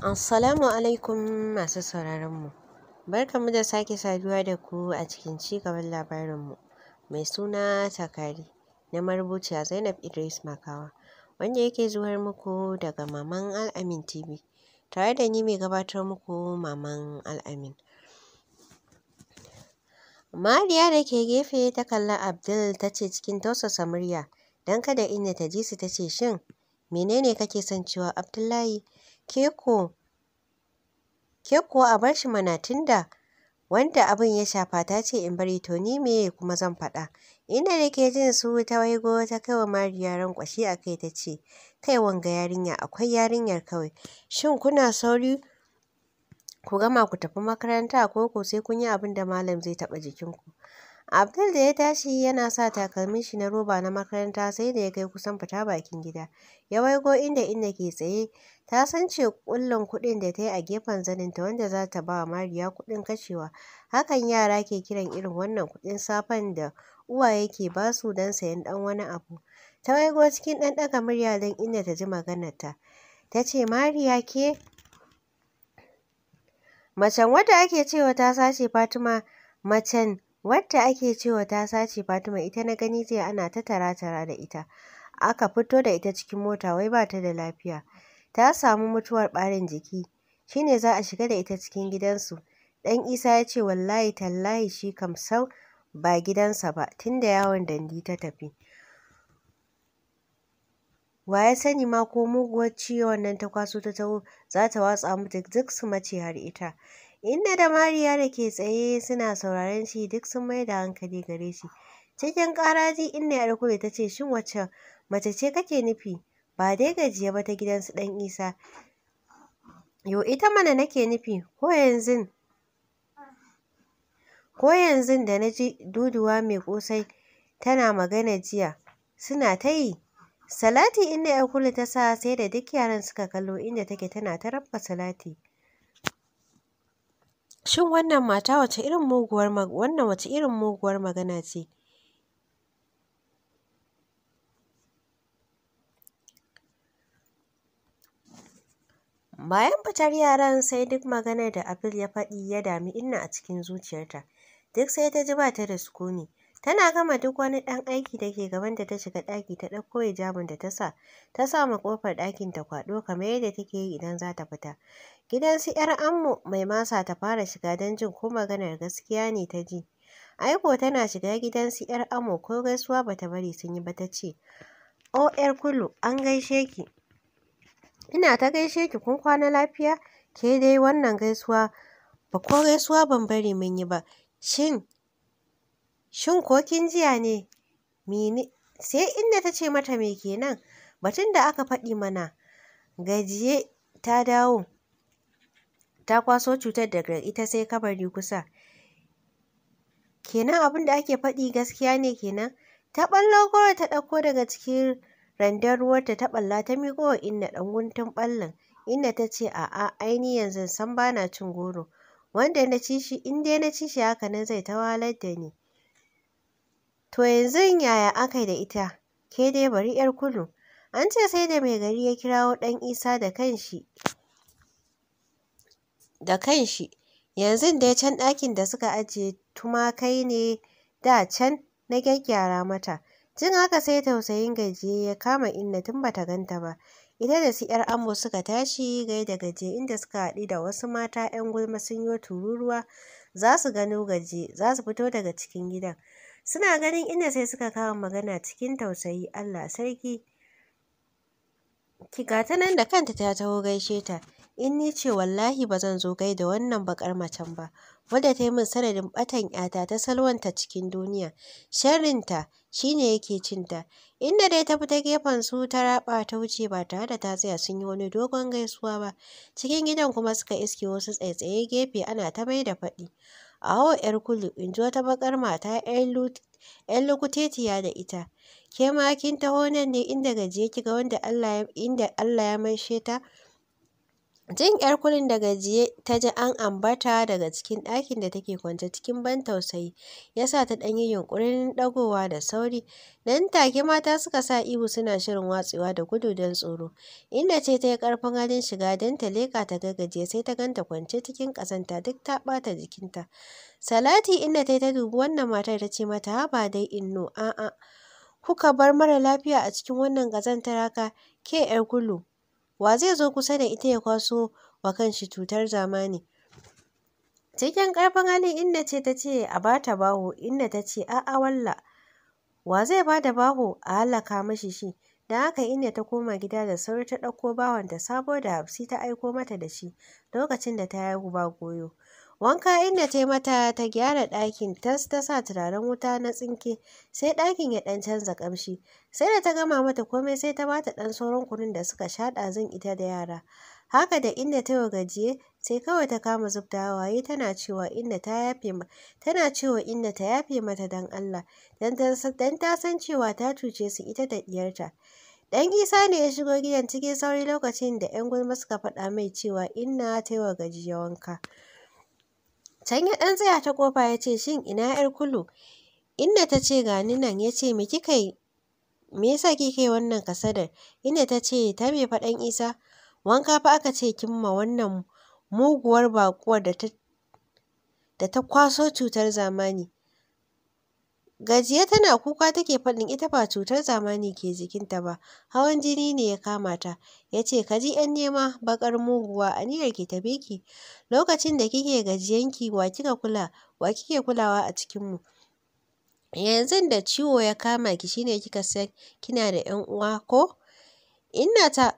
Assalamu alaikum masu sauraronmu. Barkanmu da sake saduwa da ku a cikin ci cigaban labarinmu mai suna takari na marubuciya Zainab Idris Makawa wanda yake zuwar muku daga Maman Al'amin TV tare da ni mai gabatar muku Maman Al'amin. Mariya da ke gefe ta kalla Abdul ta ce cikin tausasa murya don kada inda ta ji su ta ce shin menene kake son cewa Abdullahi Ke ko kuwa a bar shi mana tunda wanda abin ya shafa ta ce in bari to ni meye kuma zan faɗa. Inda nake jin su ta waigo ta kai wa Mariya rankwashi a kai ta ce, kai wanga yarinya akwai yarinyar kawai. Shin kuna sauri ku gama ku tafi makaranta ko ko sai kun yi abin da malam zai taɓa jikinku. Abdul da ya tashi yana sa takalmin shi na roba na makaranta sai da ya kai kusan fita bakin gida. Ya waigo inda inda ke tsaye, ta san ce kullun kuɗin da ta yi a gefen zaninta wanda za ta ba wa Mariya kuɗin kashewa. Hakan yara ke kiran irin wannan kuɗin safen da uwaye ke ba su don sayan ɗan wani abu. Ta waigo cikin ɗan ɗaga murya don inda ta ji maganarta. Ta ce, Mariya ke? Macen wadda ake cewa ta sace Fatima, macen Wadda ake cewa ta sace Fatima ita na gani jiya ana ta tara-tara da ita. Aka fito da ita cikin mota wai ba ta da lafiya. Ta samu mutuwar barin jiki. shine ne za a shiga da ita cikin gidansu. Dan Isa ya ce wallahi tallahi shi kam sau ba gidansa ba tunda yawon dandi ta tafi. Wa ya sani ma ko muguwar ciwon nan ta kwaso ta taho za ta watsa mutu duk su mace har ita. Inda da Mariya da ke tsaye suna sauraron shi duk sun mai da hankali gare shi. Cikin ƙaraji Inna ya kudu ta ce shin wacce mace ce kake nufi ba dai gajiya ba ta gidan su ɗan Isa. Yo ita mana nake nufi ko yanzu ko yanzu da na ji duduwa mai ƙosai tana magana jiya suna ta yi salati inda ya kula ta sa sai da duk yaran suka kallo inda take tana ta rabba salati Shin wannan mata wace irin muguwar wannan wace irin muguwar magana ce? Bayan fitar yaran sai duk maganar da abil ya faɗi ya dami Inna a cikin zuciyarta. Duk sai ta ji ba ta da sukuni. Tana gama duk wani ɗan aiki da ke gaban da ta shiga ɗaki ta ɗauko hijabin da ta sa, ta sa ma ƙofar ɗakin ta kwaɗo kamar yadda take yi idan za ta fita. Gidan su ‘yar ammu mai masa ta fara shiga don jin ko maganar gaskiya ne ta ji. Aiko tana shiga gidan su ‘yar ammu ko gaisuwa bata bari sun yi ba ta ce, O ‘yar kulu an gaishe ki. Ina ta gaishe ki kun kwana lafiya? Ke dai wannan gaisuwa ba ko gaisuwa ban bari mun yi ba. Shin shin ko kin jiya ne? Mene sai inda ta ce mata me kenan? Batun da aka faɗi mana gajiye ta dawo ta kwaso cutar daga ita sai kabari kusa kenan abin da ake faɗi gaskiya ne kenan ta ɓallo goro ta ɗauko daga cikin randar ruwarta ta ɓalla ta miƙo wa inna ɗan guntun ɓallon inna ta ce a'a aini yanzu san bana cin goro wanda na ci shi in dai na ci shi haka nan zai ta walar da ni to yanzu yaya aka da ita ke dai bari yar kulu an ce sai da mai gari ya kirawo ɗan isa da kanshi da kanshi yanzu dai can ɗakin da suka ajiye tumakai ne da can na gyaggyara mata jin haka sai tausayin gajiye ya kama inna tun bata ganta ba ita da su yar ambo suka tashi gai da gaje inda suka haɗu da wasu mata yan gulma sun yi tururuwa za su gano gaje za su fito daga cikin gidan suna ganin inda sai suka kama magana cikin tausayi allah sarki ki gata nan da kanta ta taho gaishe ta in ni ce wallahi ba zan zo gaida wannan bakar macen ba wadda ta yi min sanadin batan yata ta salwanta cikin duniya sharrinta shine yake cinta inda dai ta fita gefen su ta raba ta wuce ba tare da ta tsaya sun yi wani dogon gaisuwa ba cikin gidan kuma suka iske wasu tsaitsaye gefe ana ta mai da faɗi awo yar kulu in ji wata bakar mata yan lukutetiya da ita ke ma kin taho nan ne inda gajiye kiga wanda Allah ya inda Allah ya maishe ta Jin 'yar kurin da gajiye ta ji an ambata daga cikin ɗakin da take kwance cikin ban tausayi ya sa ta ɗan yi yunƙurin ɗagowa da sauri, nan take mata suka sa ihu suna shirin watsewa da gudu don tsoro, inda ce ta yi ƙarfin halin shiga don ta leƙa ta ga sai ta ganta kwance cikin ƙazanta duk ta ɓata jikinta. Salati inda ta yi ta dubi wannan matar ta ce mata haba dai inno a'a kuka bar mara lafiya a cikin wannan ƙazantar haka ke 'yar kulu. wa zai zo kusa da ita ya kwaso wa kan shi cutar zamani cikin ƙarfin hali inda ce ta ce a ba ta baho inda ta ce a'a walla wa zai ba da baho a halaka mashi shi da haka inda ta koma gida da sauri ta ɗauko bawanta sabo da hafsi ta aiko mata da shi lokacin da ta haihu ba goyo Wanka inda ta yi mata ta gyara ɗakin tas ta sa turaren wuta na tsinke sai ɗakin ya ɗan canza ƙamshi. Sai da ta gama mata komai sai ta bata ɗan sauran kunun da suka sha ɗazun ita da yara. Haka da inda ta yi gajiye sai kawai ta kama zubta Waye tana cewa inda ta yafe ma tana cewa inda ta yafe mata don Allah don ta san cewa ta cuce su ita da diyarta. Ɗan Isa ne ya shigo gidan cikin sauri lokacin da 'yan gulma suka faɗa mai cewa inna ta yi gajiye wanka. Can ya ɗan tsaya ta ƙofa ya ce, Shin ina ‘yar kulu? Inna ta ce, Gani nan, ya ce, Me kika yi? Me yasa yi wannan kasadar? Inna ta ce, Ta me faɗan Isa? Wanka fa aka ce kin ma wannan muguwar baƙuwar da ta kwaso cutar zamani. Gajiya tana kuka take faɗin ita ba cutar zamani ke jikinta ba, hawan jini ne ya kama ta. Ya ce, ka ji ‘yan nema bakar muguwa aniyar ki ta ki. Lokacin da kike gajiyanki wa kika kula, wa kike kulawa a cikinmu. Yanzu da ciwo ya kama ki shine kika san kina da ‘yan uwa ko? Inna ta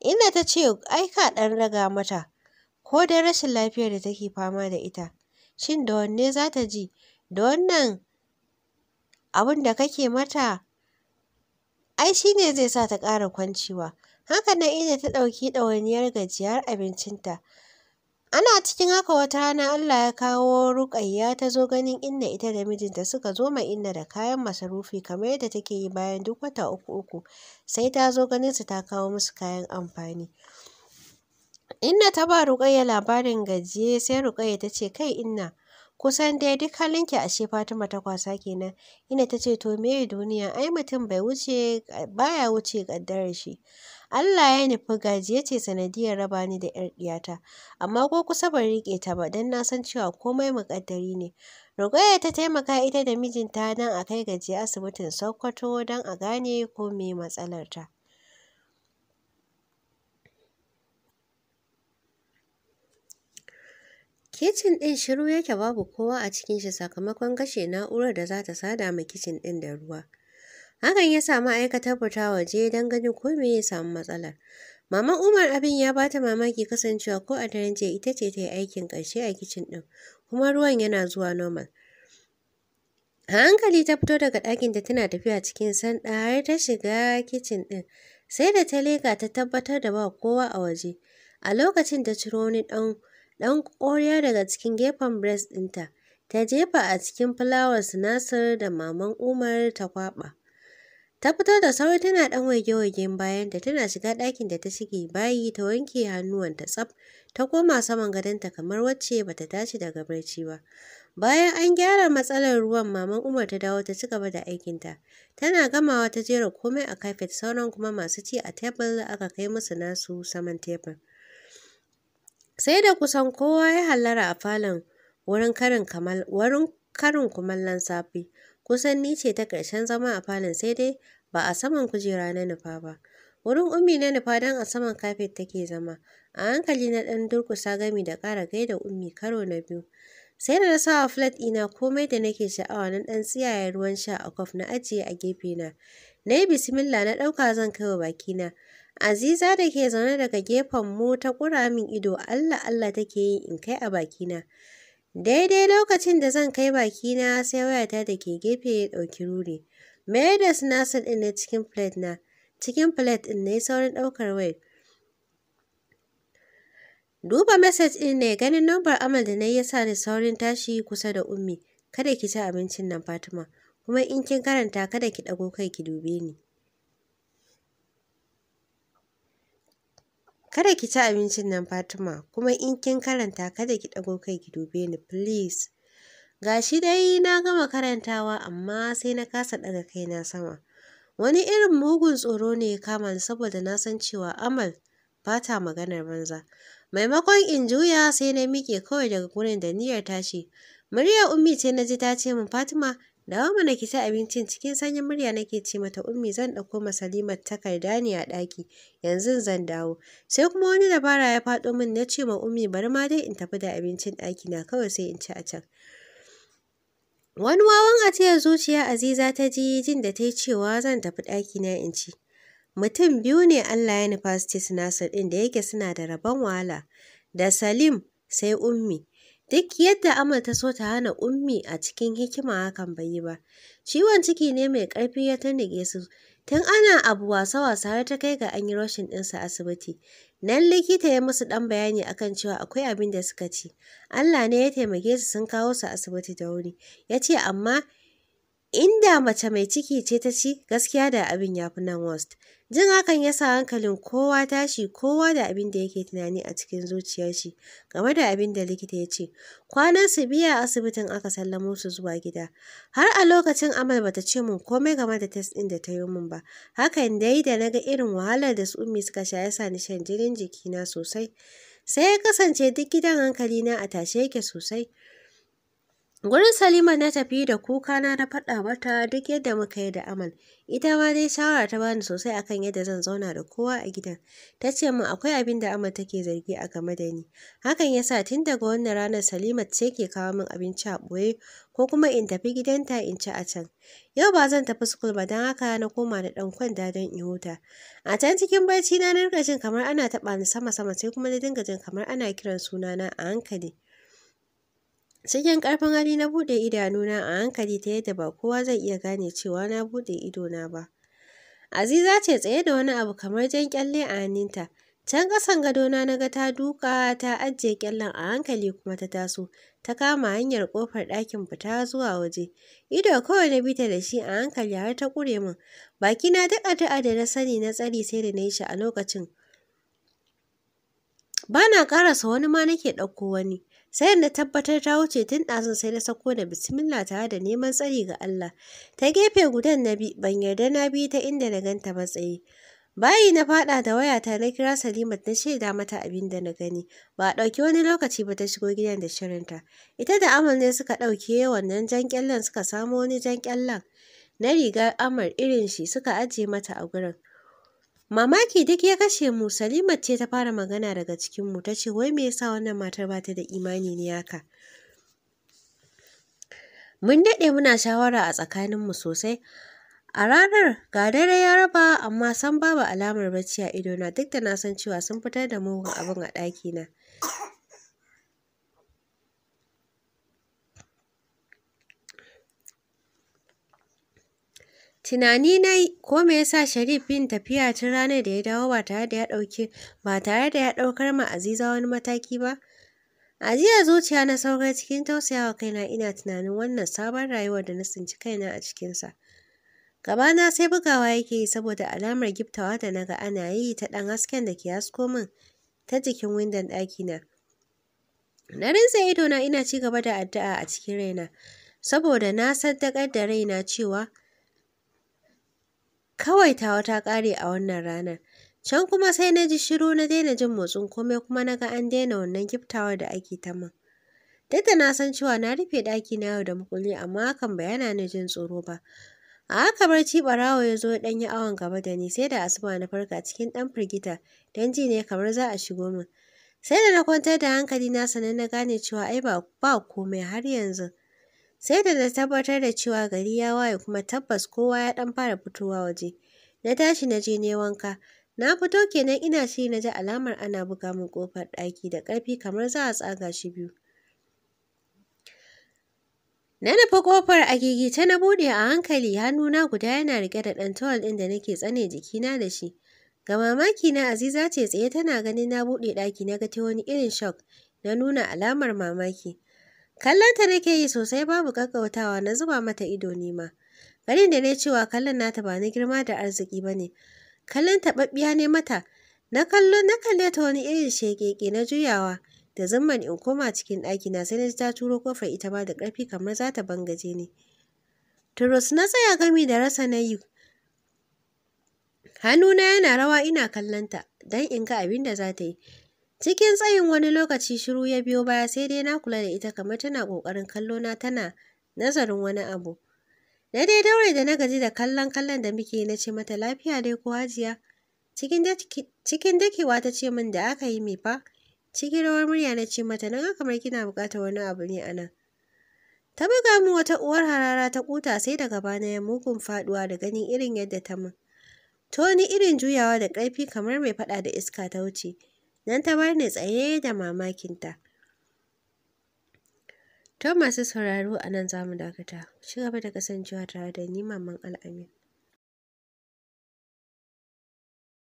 Inna ta ce, ai ka ɗan raga mata, ko don rashin lafiyar da take fama da ita. Shin da wanne za ta ji? da wannan abun da kake mata ai shine zai sa ta ƙara kwancewa. Haka nan Ida ta ɗauki ɗawainiyar gajiyar abincinta. Ana cikin haka wata rana Allah ya kawo Ruƙayya ta zo ganin inna ita da mijinta suka zo ma inna da kayan masarufi kamar yadda take yi bayan duk wata uku uku sai ta zo ganin su ta kawo musu kayan amfani. Inna ta ba Ruƙayya labarin gajiye sai Ruƙayya ta ce kai inna Kusan dai duk halin ki ashe Fatima ta kwasa kenan. Ina ta ce to meye duniya ai mutum bai wuce baya wuce kaddarar shi. Allah ya nufi gajiya ce sanadiyar raba ni da yar diyata. Amma ko kusa ban rike ta ba dan na san cewa komai muƙaddari ne. Rugaya ta taimaka ita da mijinta don a kai gajiya asibitin Sokoto don a gane ko me matsalar ta. Kicin ɗin shiru yake babu kowa a cikin shi sakamakon gashe na'urar da za ta sada ma kicin ɗin da ruwa. Hakan ya samu ma'aikatar fita waje don ganin ko me ya samu matsalar. Maman Umar abin ya bata mamaki kasancewa ko a daren jiya ita ce ta yi aikin ƙarshe a kicin ɗin, kuma ruwan yana zuwa normal. A hankali ta fito daga ɗakin da tana tafiya cikin sanda har ta shiga kicin ɗin. Sai da ta leƙa ta tabbatar da ba kowa a waje. A lokacin da ciro wani ɗan ɗan ƙoriya daga cikin gefen breast ɗinta ta jefa a cikin fulawar nasar da maman Umar ta kwaɓa. Ta fito da sauri tana ɗan wage-wagen da tana shiga ɗakin da ta shige bayi ta wanke hannuwanta tsaf ta koma saman gadonta kamar wacce bata tashi daga barci ba. Bayan an gyara matsalar ruwan maman Umar ta dawo ta ci gaba da aikinta. Tana gamawa ta jera komai a kafet sauran kuma masu ci a tebur aka kai musu nasu saman tebur. sai da kusan kowa ya hallara a falon wurin karin karin kumallon safe kusan ni ce ta ƙarshen zama a falon sai dai ba a saman kujera na nufa ba wurin ummi na nufa don a saman kafet take zama a hankali na ɗan durkusa gami da ƙara gaida ummi karo na biyu sai da na sawa flat ina komai da nake sha'awa na ɗan tsiyayen ruwan sha a kwaf na ajiye a gefe na na yi bisimilla na ɗauka zan kai wa bakina Aziza da ke zaune daga gefen mu ta ƙura min ido Allah Allah take yi in kai a bakina. Daidai lokacin da zan kai bakina sai wayata da ke gefe ya ɗauki ruri. Mayar da sinasir ɗin na cikin filet na, cikin filet ɗin na saurin ɗaukar wayar. Duba message ɗin ne ganin nambar amal da na yi ya sa ni saurin tashi kusa da ummi. Kada ki ci abincin nan Fatima, kuma in kin karanta kada ki ɗago kai ki dube ni. kada ki ci abincin nan Fatima kuma in kin karanta kada ki ɗago kai ki dube ni please gashi dai na gama karantawa amma sai na kasa ɗaga kai na sama wani irin mugun tsoro ne ya kama ni saboda na san cewa amal ba ta maganar banza maimakon in juya sai na miƙe kawai daga gurin da niyyar tashi murya ummi ce na ji ta ce min fatima Dawo mana ki ci abincin cikin sanyin murya nake ce mata ummi zan ɗauko ma Salima takarda ne a ɗaki yanzu zan dawo. Sai kuma wani dabara ya faɗo min na ce ma ummi bar ma dai in tafi da abincin ɗakina na kawai sai in ci a can. Wani wawan a cikin zuciya Aziza ta ji jin da ta yi cewa zan tafi ɗakina na in ci. Mutum biyu ne Allah ya nufa su ɗin da yake suna da rabon wala Da Salim sai ummi. Duk yadda Amal ta so ta hana Ummi a cikin hikima hakan bai yi ba. Ciwon ciki ne mai ƙarfi ya nige su. Tun ana abu wasa-wasa har ta kai ga an yi rashin ɗinsa asibiti. Nan likita ya musu ɗan bayani akan cewa akwai abin da suka ci. Allah ne ya taimake su sun kawo su asibiti da wuri. Ya ce amma inda mace mai ciki ce ta ci gaskiya da abin ya fi nan worst. Jin hakan ya sa hankalin kowa tashi kowa da abin da yake tunani a cikin zuciyar shi game da abin da likita ya ce. Kwanan su biya a asibitin aka sallamo su zuwa gida. Har a lokacin Amal bata ce mun komai game da test ɗin da ta yi mun ba. Hakan dai da na ga irin wahalar da su Ummi suka sha yasa ni shan jinin jikina sosai. Sai ya kasance duk gidan hankalina a tashe yake sosai. Gurin Salima na tafi da kukana na faɗa mata duk yadda muka yi da Amal. Ita ma dai shawara ta bani sosai akan yadda zan zauna da kowa a gidan. Ta ce min akwai abin da Amal take zargi a game da ni. Hakan ya sa tun daga wannan ranar Salima ce ke kawo min abinci a ɓoye ko kuma in tafi gidanta in ci a can. Yau ba zan tafi sukul ba don haka na koma da ɗan kwanda don in huta. A can cikin barci na na jin kamar ana taɓa ni sama-sama sai kuma na dinga jin kamar ana kiran sunana a hankali. Cikin ƙarfin hali na buɗe idanuna a hankali ta yadda ba kowa zai iya gane cewa na buɗe idona ba. Aziza ce tsaye da wani abu kamar jan kyalle a hannunta. Can ƙasan gadona na ga ta duka ta ajiye kyallen a hankali kuma ta taso, ta kama hanyar ƙofar ɗakin fita zuwa waje. Ido kawai na bita da shi a hankali har ta ƙure min. Bakina duk addu'a da na sani na tsari sai da na yi shi a lokacin. Ba na karasa wani ma nake ɗauko wani. Sai na tabbatar ta wuce tun ɗazun sai na sako da bismillah tare da neman tsari ga Allah. Ta gefe gudan na bi ban yarda na bi ta inda na ganta ba tsaye. Bayi na faɗa da wayata na kira Salimat na shaida mata abin da na gani. Ba a ɗauki wani lokaci ba ta shigo gidan da shirinta. Ita da Amal ne suka ɗauke wannan jan ƙyallen suka samo wani jan kyallan na rigar amar irin shi suka ajiye mata a gurin Mamaki duk ya kashe mu, Salimat ce ta fara magana daga cikinmu, ta ce, wai me yasa wannan matar ba ta da imani ne haka? Mun daɗe muna shawara a tsakaninmu sosai. A ranar ga dare ya raba amma san babu alamar bacci a idona duk da na san cewa sun fitar da mugun abin a ɗakina. Tunani na yi, ko me yasa Sharif yin tafiya tun ranar da ya dawo ba tare da ya ɗauki ba tare da ya ɗaukar ma Aziza wani mataki ba? Ajiya zuciya na saukar cikin tausayawa kaina ina tunanin wannan sabon rayuwar da na tsinci kaina a cikinsa. Gabana sai bugawa yake yi saboda alamar giftawa da naga ana yi ta ɗan hasken da ke hasko min ta jikin windon ɗakina. Na rinsa na ina ci gaba da addu'a a cikin raina, saboda na saddakar da raina cewa Kawai tawa ta ƙare a wannan ranar. Can kuma sai na ji shiru na daina jin motsin komai kuma na ga an daina wannan giftawa da ake ta min. Duk da na san cewa na rufe ɗaki na yau da mukulli amma hakan bayana yana ni jin tsoro ba. A haka barci ɓarawo ya zo ɗan yi awon gaba da ni sai da asuba na farka cikin ɗan firgita don ji ne kamar za a shigo min. Sai da na kwantar da hankali na sanin na gane cewa ai ba komai har yanzu. Sai da na tabbatar da cewa gari ya waye kuma tabbas kowa ya ɗan fara fitowa waje. Na tashi na je ne wanka. Na fito kenan ina shiri na ji alamar ana buga min ƙofar ɗaki da karfi kamar za a tsaga shi biyu. Na nufi ƙofar a gigita na buɗe a hankali hannuna guda yana rike da ɗan tawal ɗin da nake tsane jikina da shi. Ga mamaki na Aziza ce tsaye tana ganin na buɗe ɗaki na ga ta wani irin shock na nuna alamar mamaki. Kallonta nake yi sosai babu ƙaƙƙautawa na zuba mata ido nima. Ganin da ne cewa kallon nata ba na girma da arziki ba ne. Kallon taɓaɓɓiya ne mata. Na kallo na kalle ta wani irin shekeke na juyawa da zumman in koma cikin ɗaki na sai na ji ta turo kofar ita ba da ƙarfi kamar za ta bangaje ni. Turus na tsaya gami da rasa na yi. Hannuna yana rawa ina kallonta don in ga abin da za ta yi. Cikin tsayin wani lokaci shiru ya biyo baya sai dai na kula da ita kamar tana ƙoƙarin na tana nazarin wani abu. Na dai daure da na gaji da kallon kallon da muke na ce mata lafiya dai ko hajiya. Cikin dakewa ta ce min da aka yi mai fa. Cikin rawar murya na ce mata na ga kamar kina buƙatar wani abu ne a nan. Ta buga mu wata uwar harara ta kuta sai daga bana ya mugun faduwa da ganin irin yadda ta min. To ni irin juyawa da ƙarfi kamar mai faɗa da iska ta wuce. Nan ta bar ni tsaye da mamakinta. To masu sauraro a nan za mu dakata. Ci gaba da kasancewa tare da ni Maman Al'amin.